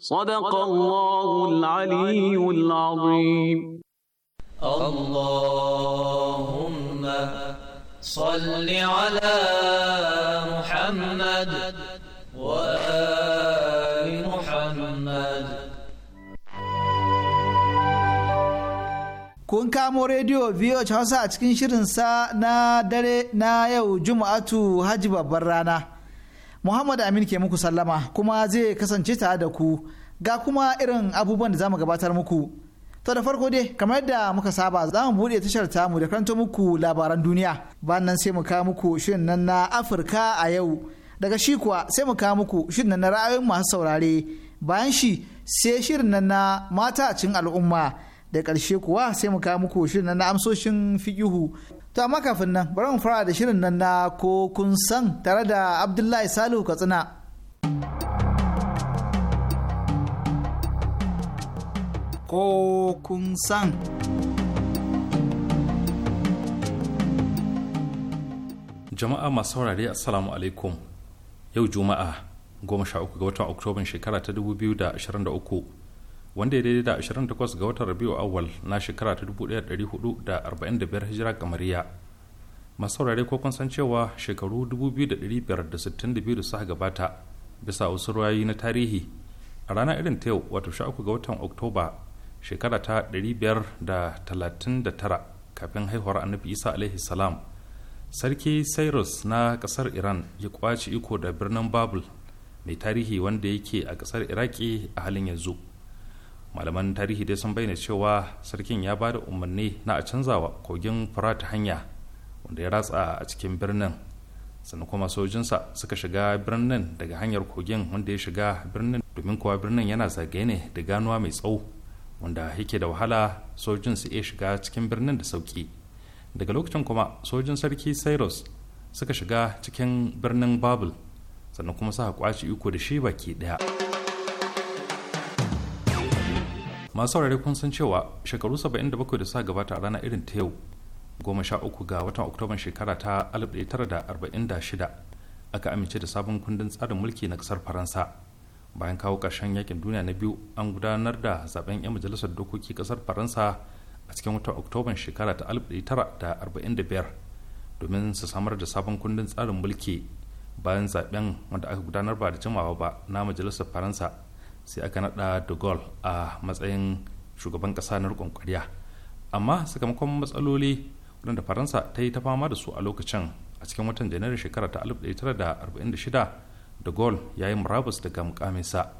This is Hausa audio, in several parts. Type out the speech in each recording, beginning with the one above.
صدق الله العلي العظيم اللهم صل على محمد وآل محمد Kun kamo rediyo VOH Hausa a cikin shirinsa na dare na yau Juma'atu Hajji babbar rana. Muhammad Amin ke muku sallama kuma zai kasance tare da ku ga kuma irin abubuwan da za mu gabatar muku. To da farko dai kamar yadda muka saba za mu buɗe tashar mu da karanto muku labaran duniya. Bayan nan sai mu kawo muku shirin nan na Afirka a yau. Daga shi kuwa sai mu kawo muku shirin nan na ra'ayoyin masu saurare. Bayan shi sai shirin nan na mata a cikin al'umma. da ƙarshe kuwa sai mu kawo muku shirin na amsoshin fiƙihu to amma kafin nan bari mu fara da shirin nan na ko kun san tare da abdullahi salihu katsina ko kun san jama'a masu saurare assalamu alaikum yau juma'a 13 ga watan oktoban shekara ta 2023 wanda ya daidai da 28 ga watan rabiu awal na shekara ta 1445 hijira kamariya masaurare ko kun san cewa shekaru 2562 da suka gabata bisa wasu ruwayi na tarihi a ranar irin ta yau wato 13 ga watan oktoba shekara ta 539 kafin haihuwar annabi isa alaihi salam sarki cyrus na kasar iran ya kwace iko da birnin babul mai tarihi wanda yake a kasar iraki a halin yanzu malaman tarihi dai sun bayyana cewa sarkin ya ba da umarni na a canzawa kogin furat hanya wanda ya ratsa a cikin birnin sannan kuma sojinsa suka shiga birnin daga hanyar kogin wanda ya shiga birnin domin kuwa birnin yana zagaye ne da ganuwa mai tsawo wanda yake da wahala sojin su iya shiga cikin birnin da sauki daga lokacin kuma sojin sarki cyrus suka shiga cikin birnin babul sannan kuma suka kwaci iko da shi baki daya masu saurare kun san cewa shekaru 77 da sa gabata a rana irin ta yau goma sha uku ga watan oktoban shekara ta 1946 aka amince da sabon kundin tsarin mulki na kasar faransa bayan kawo ƙarshen yakin duniya na biyu an gudanar da zaben 'yan majalisar dokoki kasar faransa a cikin watan oktoban shekara ta 1945 domin su samar da sabon kundin tsarin mulki bayan zaben wanda aka gudanar ba da jimawa ba na majalisar faransa sai aka naɗa de gaulle a matsayin shugaban ƙasa na riƙon ƙwarya amma sakamakon matsaloli waɗanda faransa ta yi ta fama da su a lokacin a cikin watan janairu shekara ta 1946 de gaulle ya yi murabus daga mukaminsa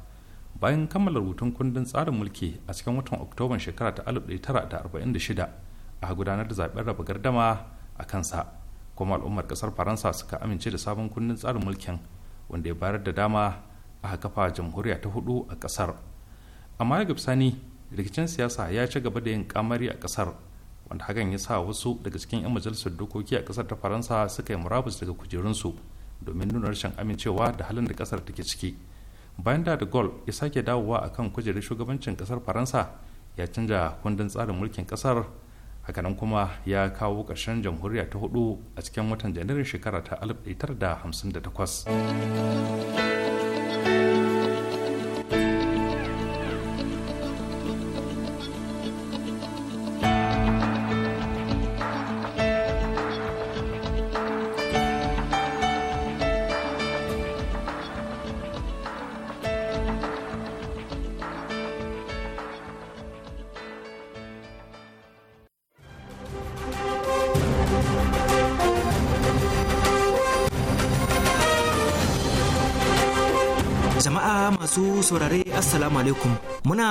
bayan kammala rubutun kundin tsarin mulki a cikin watan oktoban shekara ta 1946 a gudanar da zaɓen raba gardama a kansa kuma al'ummar ƙasar faransa suka amince da sabon kundin tsarin mulkin wanda ya bayar da dama aka kafa jamhuriya ta hudu a kasar amma ya sani rikicin siyasa ya ci gaba da yin kamari a kasar wanda hakan ya sa wasu daga cikin 'yan majalisar dokoki a kasar ta faransa suka yi murabus daga kujerunsu domin nuna rashin amincewa da halin da kasar take ciki bayan da de gaulle ya sake dawowa a kan kujerar shugabancin kasar faransa ya canja kundin tsarin mulkin kasar hakanan kuma ya kawo ƙarshen jamhuriya ta hudu a cikin watan janairun shekara ta 1958 you.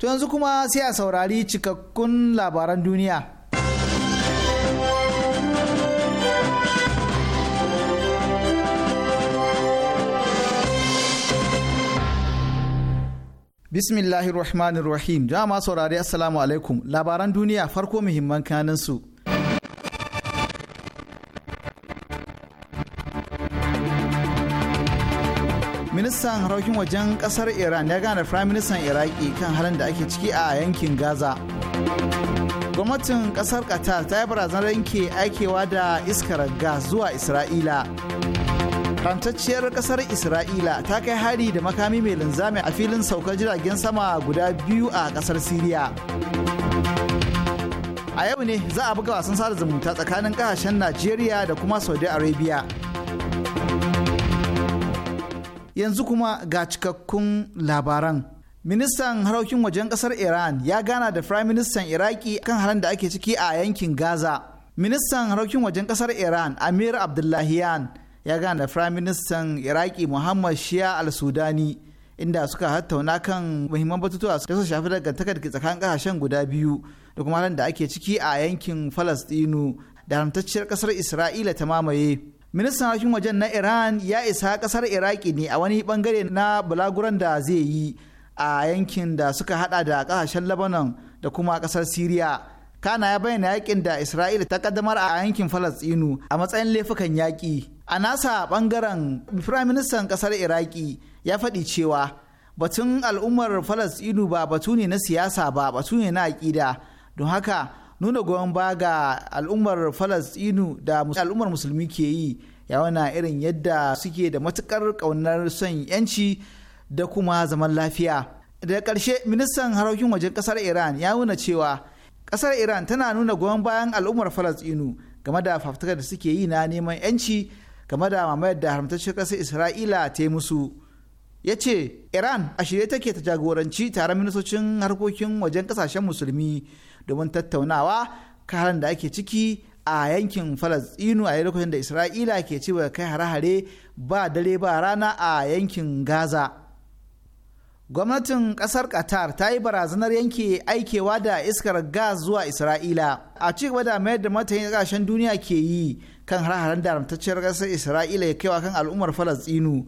To yanzu kuma sai a saurari cikakkun labaran duniya. Bismillahirrahmanirrahim. Jama'a saurari Assalamu alaikum. Labaran duniya farko muhimman kanin ministan harkokin wajen kasar iran ya gane firayim ministan iraki kan halin da ake ciki a yankin gaza gwamnatin kasar qatar ta yi barazanar yanke aikewa da iskar gas zuwa isra'ila rantacciyar kasar isra'ila ta kai hari da makami mai linzami a filin saukar jiragen sama guda biyu a kasar siriya a yau ne za a buga wasan sada zumunta tsakanin kasashen najeriya da kuma saudi arabia yanzu kuma ga cikakkun labaran ministan harokin wajen kasar iran ya gana da firayim ministan iraki kan halin da ake ciki a yankin gaza ministan harokin wajen kasar iran amir abdullahiyan ya gana da firayim ministan iraki muhammad shia al-sudani inda suka hattauna kan muhimman batutuwa da suka shafi dangantakar tsakanin kasashen guda biyu da kuma halin da ake ciki a yankin falastinu da haramtacciyar kasar isra'ila ta mamaye ministan harkokin wajen na iran ya isa kasar iraki ne a wani bangare na bulaguran da zai yi a yankin da suka hada da kasashen lebanon da kuma kasar syria kana ya bayyana yakin da isra'ila ta kaddamar a yankin falastinu a matsayin laifukan yaƙi a nasa bangaren firayim ministan kasar iraki ya faɗi cewa batun al'ummar falastinu ba batu ne na siyasa ba batu ne na aƙida don haka nuna goyon ba ga al'ummar falastinu da al'ummar musulmi ke yi ya wana irin yadda suke da matukar ƙaunar son yanci da kuma zaman lafiya daga ƙarshe ministan harokin wajen ƙasar iran ya nuna cewa ƙasar iran tana nuna goyon bayan al'ummar falastinu game da fafutukar da suke yi na neman yanci game da mamayar da haramtacciyar ƙasar isra'ila ta yi musu ya ce iran a shirye take ta jagoranci taron ministocin harkokin wajen ƙasashen musulmi domin tattaunawa karan da ake ciki a yankin falasɗinu a lokacin da isra'ila ke ci kai hare-hare ba dare ba rana a yankin gaza gwamnatin ƙasar qatar ta yi barazanar yanke aikewa da iskar gas zuwa isra'ila a ci gaba da mayar da martanin kasashen duniya ke yi kan hare-haren da ramtacciyar ƙasar isra'ila ya kaiwa kan al'ummar falasɗinu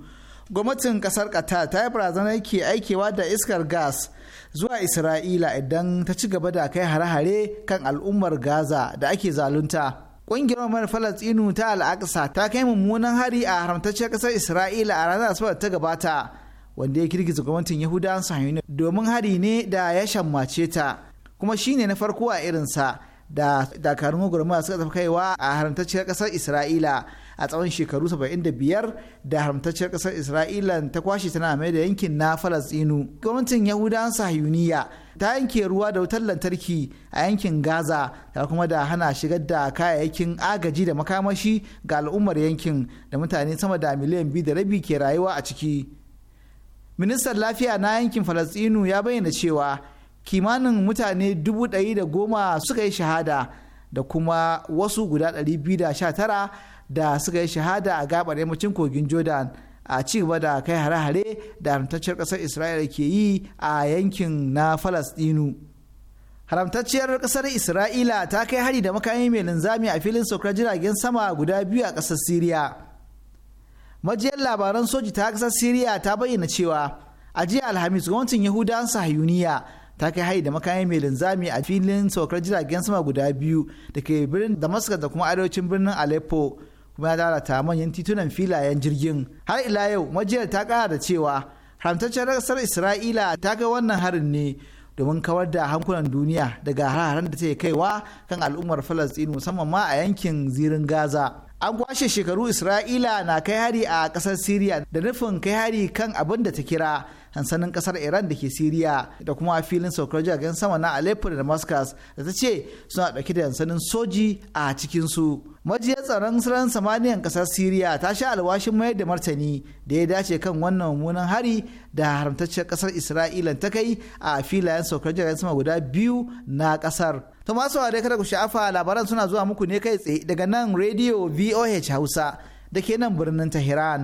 gwamnatin kasar qatar ta yi barazanar ke aikewa da iskar gas zuwa isra'ila idan ta ci gaba da kai hare-hare kan al'ummar gaza da ake zalunta ƙungiyar mai falastinu ta al'aqsa ta kai mummunan hari a haramtacciyar ƙasar isra'ila a ranar asabar ta gabata wanda ya girgiza gwamnatin yahudawan sahiyuni domin hari ne da ya shammace ta kuma shine na farko a irinsa da dakarun gwagwarmaya suka tafi kaiwa a haramtacciyar ƙasar isra'ila a tsawon shekaru 75 da haramtacciyar kasar isra'ila ta kwashe tana mai da yankin na falastinu gwamnatin yahudawan sahiyuniya ta yanke ruwa da wutar lantarki a yankin gaza da kuma da hana shigar da kayayyakin agaji da makamashi ga al'ummar yankin da mutane sama da miliyan biyu da rabi ke rayuwa a ciki ministan lafiya na yankin falastinu ya bayyana cewa kimanin mutane dubu da goma suka yi shahada da kuma wasu guda 219 da suka yi shahada a gabar yammacin kogin jordan a ci gaba da kai hare-hare da haramtacciyar ƙasar isra'ila ke yi a yankin na falastinu haramtacciyar kasar isra'ila ta kai hari da makami mai linzami a filin saukar jiragen sama guda biyu a ƙasar siriya majiyar labaran soji ta ƙasar siriya ta bayyana cewa a jiya alhamis gwamnatin yahudawan sahayuniya ta kai hari da makami mai linzami a filin saukar jiragen sama guda biyu da ke birnin damascus da kuma arewacin birnin aleppo kuma ya lalata manyan titunan filayen jirgin har ila yau majiyar ta kara da cewa haramtaccen kasar isra'ila ta ga wannan harin ne domin kawar da hankunan duniya daga hararen da take kaiwa kan al'ummar falastinu musamman ma a yankin zirin gaza an kwashe shekaru isra'ila na kai hari a kasar syria da nufin kai hari kan abin da ta kira hansanin kasar iran da ke siriya da kuma a filin saukar jiragen sama na aleppo da damascus da ta ce suna dauke da hansanin soji a cikinsu majiyar tsaron sararin samaniyan kasar siriya ta sha alwashin mayar da martani da ya dace kan wannan mummunan hari da haramtacciyar kasar isra'ila ta kai a filayen saukar jiragen sama guda biyu na kasar to masu kada ku sha'afa labaran suna zuwa muku ne kai tsaye daga nan radio voh hausa da ke nan birnin tehran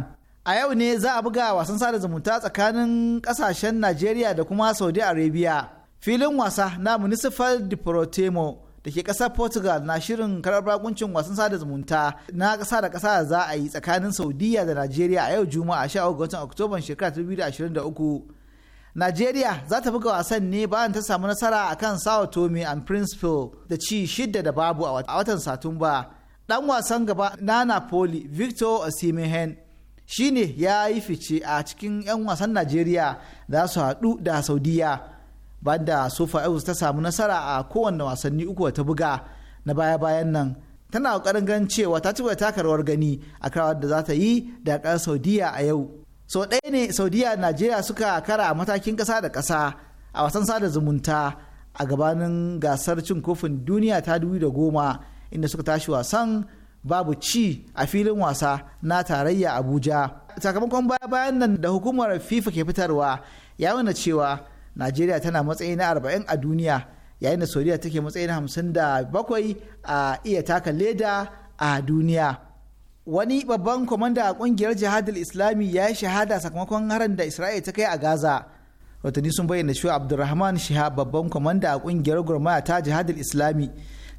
a yau ne za a buga wasan sada zumunta tsakanin kasashen najeriya da kuma saudi arabia filin wasa na municipal deportemo da ke kasar portugal na shirin karar bakuncin wasan sada zumunta na kasa da kasa da za a yi tsakanin saudiya da najeriya a yau juma'a 13 ga watan oktoban shekara 2023 najeriya za ta buga wasan ne bayan ta samu nasara akan sao tome and principe da ci shidda da babu a watan satumba dan wasan gaba na napoli victor osimhen shine ya yi fice a cikin 'yan wasan najeriya za su haɗu da saudiya banda sofa eagles ta samu nasara a kowanne wasanni uku ta buga na baya-bayan nan tana ƙoƙarin ganin cewa ta ci taka rawar gani a kawar da za ta yi da ƙasar saudiya a yau sau ɗaya ne saudiya da najeriya suka kara matakin ƙasa da ƙasa a wasan sada zumunta a gabanin gasar cin kofin duniya ta 2010 da goma inda suka tashi wasan babu ci a filin wasa na tarayya abuja sakamakon baya bayan nan da hukumar fifa ke fitarwa ya nuna cewa najeriya tana matsayi na 40 a duniya yayin da soriya take matsayi na 57 a iya taka leda a duniya wani babban kwamanda a kungiyar jihadul islami ya yi shahada sakamakon harin da isra'ila ta kai a gaza rotani sun bayyana cewa abdulrahman shihab babban kwamanda a kungiyar gurmaya ta jihadul islami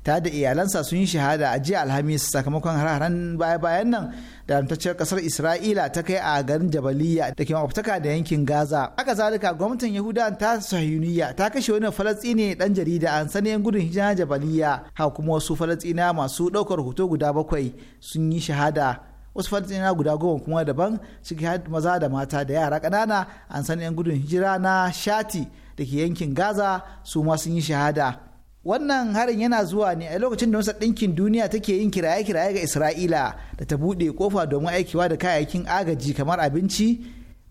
ta da iyalansa sun yi shahada a jiya alhamis sakamakon har-haren baya-bayan nan da ramtacciyar kasar isra'ila ta kai a garin jabaliya da ke makwabtaka da yankin gaza haka zalika gwamnatin yahuda ta sahiyuniya ta kashe wani falastini dan jarida an sani yan gudun hijira jabaliya ha kuma wasu falastina masu ɗaukar hoto guda bakwai sun yi shahada wasu falastina guda goma kuma daban ciki maza da mata da yara kanana an sani yan gudun hijira na shati da ke yankin gaza su ma sun yi shahada wannan harin yana zuwa ne a lokacin da wasu ɗinkin duniya take yin kiraye-kiraye ga isra'ila da ta buɗe kofa domin aikewa da kayayyakin agaji kamar abinci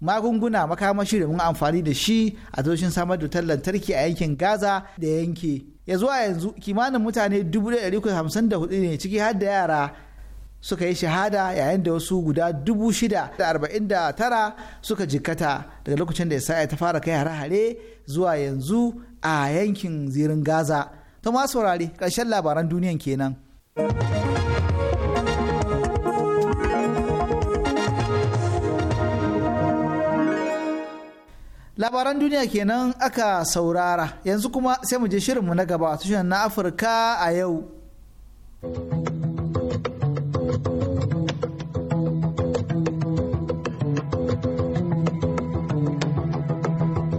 magunguna makamashi domin amfani da shi a toshin samar da wutar lantarki a yankin gaza da yanke ya zuwa yanzu kimanin mutane 1,154 ne ciki har da yara suka yi shahada yayin da wasu guda tara suka jikkata daga lokacin da isra'ila ta fara kai hare-hare zuwa yanzu a yankin zirin gaza To ma saurari ƙarshen labaran duniyan kenan. Labaran duniya kenan aka saurara yanzu kuma sai mu je shirinmu na gaba tushen na Afirka a yau.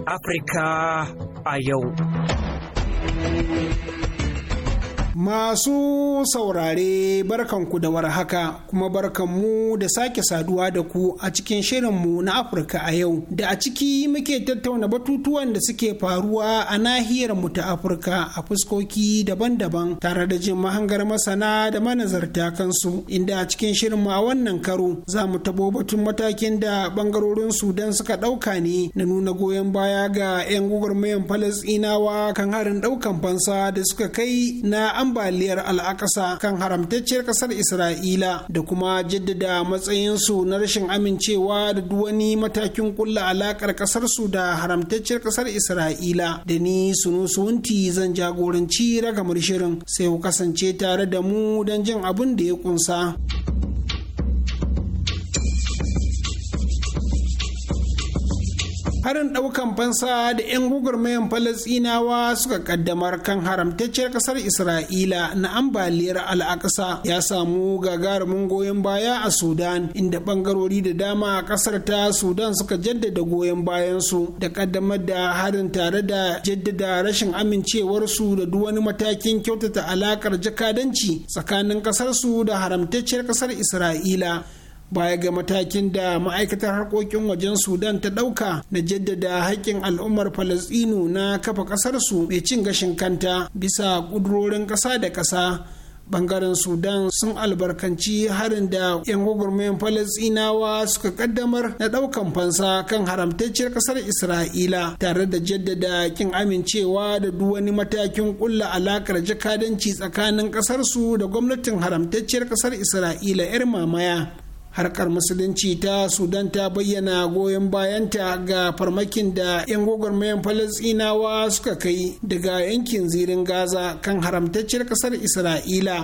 Afirka a yau. Thank you. Masu saurare barkanku da warhaka kuma barkanmu da sake saduwa da ku a cikin shirinmu na Afirka a yau da a ciki muke tattauna batutuwan da suke faruwa a nahiyar mu ta Afirka a fuskoki daban-daban tare da jin mahangar masana da manazarta kansu inda a cikin shirinmu a wannan karo za mu tabo batun matakin da bangarorin Sudan suka ɗauka ne na nuna goyon baya ga 'yan gwagwarmayan Falasɗinawa kan harin ɗaukan fansa da suka kai na ambaliyar al'akasa kan haramtacciyar kasar isra'ila da kuma jaddada matsayinsu na rashin amincewa da duk wani matakin kulla alakar kasarsu da haramtacciyar kasar isra'ila da ni sunusunti zan jagoranci ragamar shirin sai ku kasance tare da mu don jin abin da ya kunsa. harin ɗaukan fansa da 'yan gugurmayan falasinawa suka kaddamar kan haramtacciyar kasar isra'ila na ambaliyar al'aƙasa ya samu gagarumin goyon baya a sudan inda bangarori da dama a kasar ta sudan suka jaddada goyon bayansu da kaddamar da harin tare da jaddada rashin amincewarsu da duk wani matakin kyautata alaƙar jakadanci tsakanin ƙasarsu da haramtacciyar kasar isra'ila baya ga matakin da ma'aikatar harkokin wajen sudan ta ɗauka na jaddada haƙƙin al'ummar falasɗinu na kafa ƙasarsu mai cin gashin kanta bisa ƙudurorin ƙasa da ƙasa bangaren sudan sun albarkanci harin da 'yan gwagwarmayan falasinawa suka kaddamar na daukan fansa kan haramtacciyar kasar isra'ila tare da jaddada kin amincewa da duk wani matakin kulla alakar jakadanci tsakanin kasarsu da gwamnatin haramtacciyar kasar isra'ila 'yar mamaya harkar musulunci ta sudan ta bayyana goyon bayanta ga farmakin da 'yan gwagwarmayan falasinawa suka kai daga yankin zirin gaza kan haramtacciyar kasar isra'ila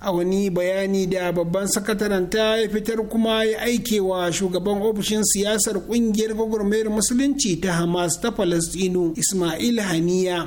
a wani bayani da babban sakataren ta ya fitar kuma ya aike wa shugaban ofishin siyasar kungiyar gwagwarmayar musulunci ta hamas ta falastinu ismail haniya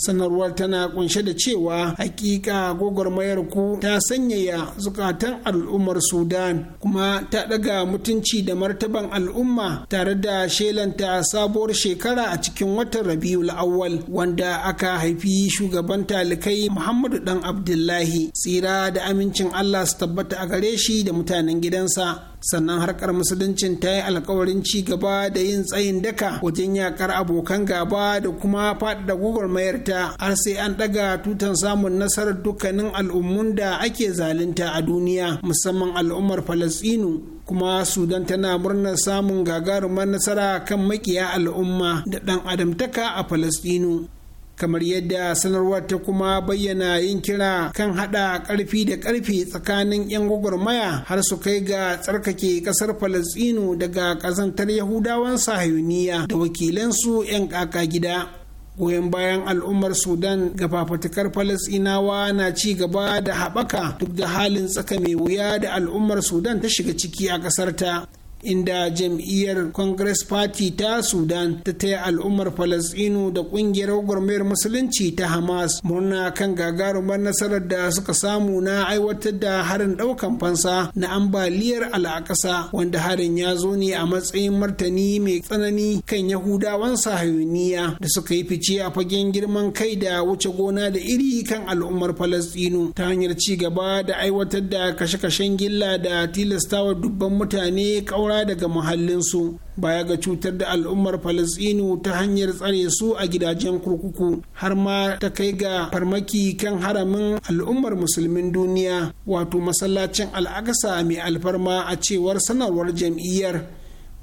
sanarwar tana kunshe da cewa hakika gwagwarmayar ku ta sanyaya zukatan al'ummar sudan kuma ta daga mutunci da martaban al'umma tare da shelanta sabuwar shekara a cikin watan rabiul awwal wanda aka haifi shugaban talikai muhammadu dan abdullahi tsira da amincin allah su tabbata a gare shi da mutanen gidansa sannan harkar musuluncin ta yi alkawarin ci gaba da yin tsayin daka wajen yakar abokan gaba da kuma faɗaɗa gwagwarmayar ta har sai an ɗaga tutan samun nasarar dukkanin al'ummun da ake zalunta a duniya musamman al'ummar falasɗinu kuma sudan tana murnar samun gagarumar nasara kan makiya al'umma da ɗan adamtaka a falasɗinu kamar yadda sanarwar ta kuma bayyana yin kira kan haɗa ƙarfi da ƙarfi tsakanin 'yan gwagwarmaya har su kai ga tsarkake ƙasar falastinu daga ƙazantar yahudawan sahayuniya da wakilansu 'yan kaka gida goyon bayan al'ummar sudan ga fafatukar falasinawa na ci gaba da haɓaka duk da halin tsaka mai wuya da al'ummar sudan ta shiga ciki a ƙasarta inda jam'iyyar congress party ta sudan ta taya al'ummar falasɗinu da ƙungiyar gwagwarmayar musulunci ta hamas murna kan gagarumar nasarar da suka samu na aiwatar da harin ɗaukan fansa na ambaliyar al'akasa wanda harin ya zo ne a matsayin martani mai tsanani kan yahudawan sahayuniya da suka yi fice a fagen girman kai da wuce gona da iri kan al'ummar falasɗinu ta hanyar ci gaba da aiwatar da kashe-kashen gilla da tilastawa dubban mutane kawar saura daga muhallinsu baya ga cutar da al'ummar falasɗinu ta hanyar tsare su a gidajen kurkuku har ma ta kai ga farmaki kan haramin al'ummar musulmin duniya wato masallacin al'aksa mai alfarma a cewar sanarwar jam'iyyar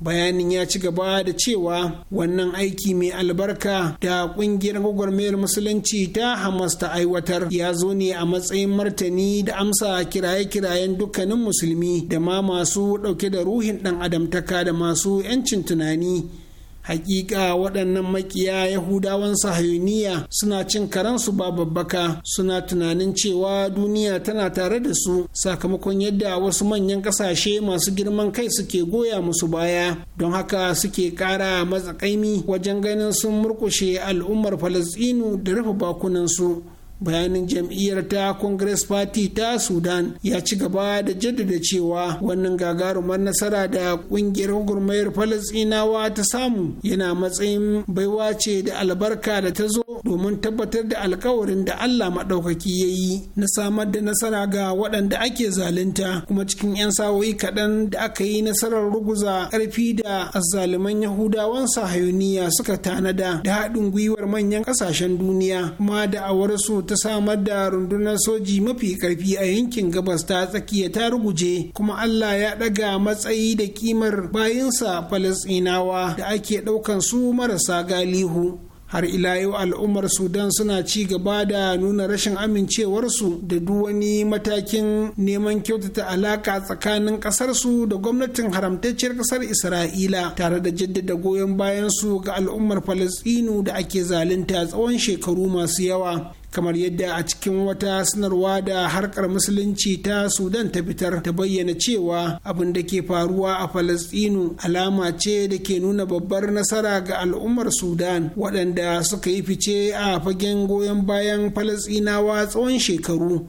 bayanin ya ci gaba da cewa wannan aiki mai albarka da kungiyar gwagwarmayar musulunci ta hamas ta aiwatar ya zo ne a matsayin martani da amsa kiraye-kirayen dukkanin musulmi da ma masu dauke da ruhin dan adamtaka da masu 'yancin tunani hakika waɗannan makiya yahudawan sahayuniya suna cin karansu ba babbaka suna tunanin cewa duniya tana tare da su sakamakon yadda wasu manyan ƙasashe masu girman kai suke goya musu baya don haka suke ƙara matsakaimi wajen ganin sun murkushe al'ummar falasɗinu da rufe bakunansu bayanin jam'iyyar ta congress party ta sudan ya ci gaba da jaddada cewa wannan gagarumar nasara da kungiyar gurmayar falasinawa ta samu yana matsayin baiwa ce da albarka da ta zo domin tabbatar da alkawarin da allah maɗaukaki ya yi na samar da nasara ga waɗanda ake zalunta kuma cikin 'yan sawoyi kaɗan da aka yi nasarar ruguza ƙarfi da azzaliman yahudawan sahayuniya suka tanada da haɗin gwiwar manyan ƙasashen duniya kuma da su ta samar da rundunar soji mafi karfi a yankin gabas ta tsakiya ta ruguje kuma Allah ya ɗaga matsayi da kimar bayinsa Falasɗinawa da ake ɗaukan su marasa galihu. har ila yau al'ummar sudan suna ci gaba da nuna rashin amincewarsu da duk wani matakin neman kyautata alaka tsakanin ƙasarsu da gwamnatin haramtacciyar ƙasar isra'ila tare da jaddada goyon bayansu ga al'ummar falasinu da ake zalunta tsawon shekaru masu yawa kamar yadda a cikin wata sanarwa da harkar musulunci ta sudan ta fitar ta bayyana cewa abin da ke faruwa a falastinu alama ce da ke nuna babbar nasara ga al'ummar sudan waɗanda suka yi fice a fagen goyon bayan falastinawa tsawon shekaru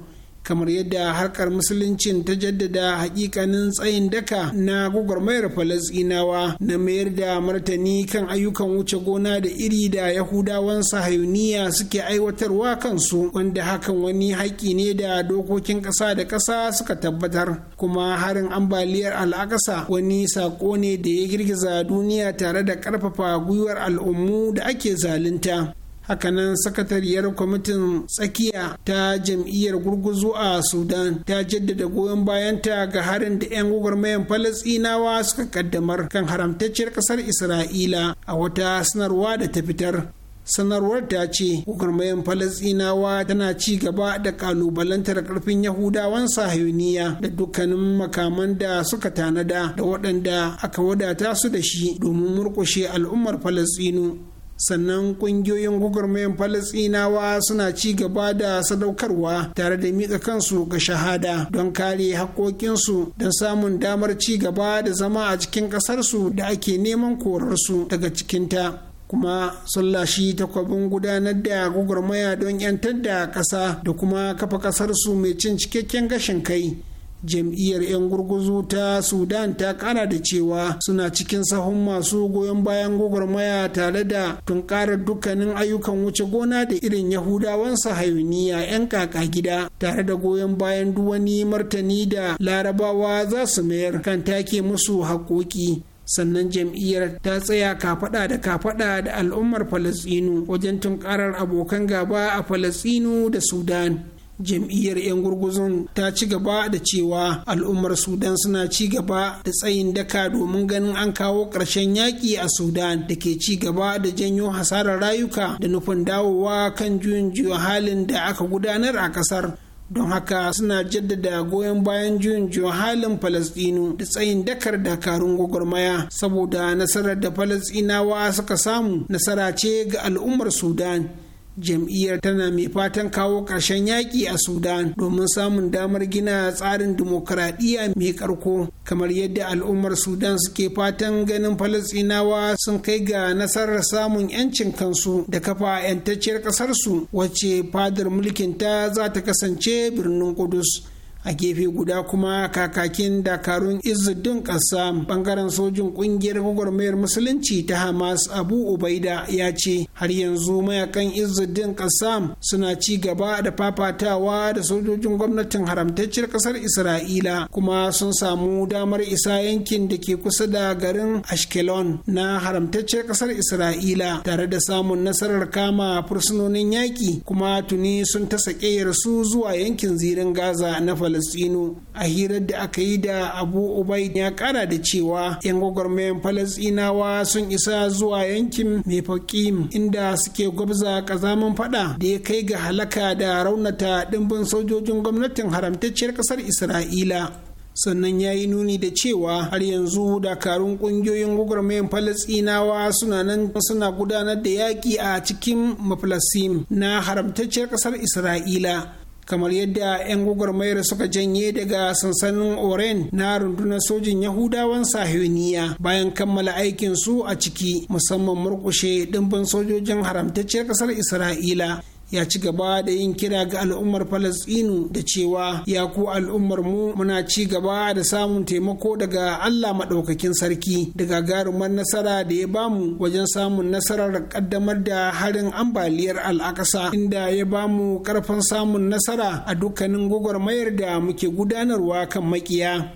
kamar yadda harkar musuluncin ta jaddada hakikanin tsayin daka na gwagwarmayar falasinawa na mayar da martani kan ayyukan wuce gona da iri da yahudawan sahayuniya suke aiwatarwa kansu wanda hakan wani haƙƙi ne da dokokin ƙasa da ƙasa suka tabbatar kuma harin ambaliyar al'akasa wani saƙo ne da ya girgiza duniya tare da ƙarfafa gwiwar al'ummu da ake zalunta hakanan sakatariyar kwamitin tsakiya ta jam'iyyar gurguzu a sudan ta jaddada goyon bayanta ga harin da 'yan gwagwarmayan falasinawa suka kaddamar kan haramtacciyar kasar isra'ila a wata sanarwa da ta fitar sanarwar ta ce gwagwarmayan falasinawa tana ci gaba da kalubalantar karfin yahudawan sahiyoniya da dukkanin makaman da suka tanada da waɗanda aka wadata su da shi domin murƙushe al'ummar falasinu sannan kungiyoyin gwagwarmayan falasinawa suna ci gaba da sadaukarwa tare da miƙa kansu ga shahada don kare haƙoƙinsu don samun damar ci gaba da zama a cikin ƙasarsu da ake neman korarsu daga cikinta kuma sallashi takwabin gudanar da gwagwarmaya don 'yantar da ƙasa da kuma kafa ƙasarsu mai cin cikakken gashin kai jam'iyyar 'yan gurguzu ta sudan ta kara da cewa suna cikin sahun masu goyon bayan gwagwarmaya tare da tunkarar dukkanin ayyukan wuce gona da irin yahudawan sahayuniya 'yan kaka gida tare da goyon bayan duwani martani da larabawa za su mayar kan take musu haƙoƙi sannan jam'iyyar ta tsaya kafada da kafada da al'ummar falasinu wajen tunkarar abokan gaba a falasinu da sudan jam'iyyar 'yan gurguzun ta ci gaba da cewa al'ummar sudan suna ci gaba da tsayin daka domin ganin an kawo ƙarshen yaƙi a sudan da ke ci gaba da janyo hasarar rayuka da nufin dawowa kan juyin juya halin da aka gudanar a ƙasar don haka suna jaddada goyon bayan juyin juya halin falasdinu da tsayin dakar dakarun gwagwarmaya saboda nasarar da falasdinawa suka samu nasara ce ga al'ummar sudan jam'iyyar tana mai fatan kawo ƙarshen yaƙi a sudan domin samun damar gina tsarin dimokuraɗiyya mai ƙarko kamar yadda al'ummar sudan suke fatan ganin falasinawa sun kai ga nasarar samun 'yancin kansu da kafa 'yantacciyar ƙasarsu wacce fadar mulkinta za ta kasance birnin kudus a gefe guda kuma kakakin dakarun izzuddin ƙasa bangaren sojin ƙungiyar gwagwarmayar musulunci ta hamas abu ubaida ya ce har yanzu mayakan izzuddin ƙasam suna ci gaba da fafatawa da sojojin gwamnatin haramtacciyar ƙasar isra'ila kuma sun samu damar isa yankin da ke kusa da garin ashkelon na haramtacciyar ƙasar isra'ila tare da samun nasarar kama fursunonin yaƙi kuma tuni sun ta su zuwa yankin zirin gaza na falastinu a hirar da aka yi da abu ubai ya kara da cewa yan gwagwarmayan falastinawa sun isa zuwa yankin mefakim inda suke gwabza kazamin fada da ya kai ga halaka da raunata dimbin sojojin gwamnatin haramtacciyar kasar isra'ila sannan ya yi nuni da cewa har yanzu dakarun kungiyoyin gwagwarmayan falasinawa suna nan suna gudanar da yaƙi a cikin mafalasim na haramtacciyar ƙasar isra'ila kamar yadda 'yan gwagwarmayar suka janye daga sansanin oren na rundunar sojin yahudawan sahiyoniya bayan kammala aikinsu a ciki musamman murkushe dimbin sojojin haramtacciyar kasar isra'ila ya ci gaba da yin kira ga al'ummar falasɗinu da cewa ya ku al'ummar mu muna ci gaba da samun taimako daga allah maɗaukakin sarki da gagarumar nasara da ya bamu wajen samun nasarar kaddamar da harin ambaliyar al'akasa inda ya bamu ƙarfin samun nasara a dukkanin gwagwarmayar da muke gudanarwa kan makiya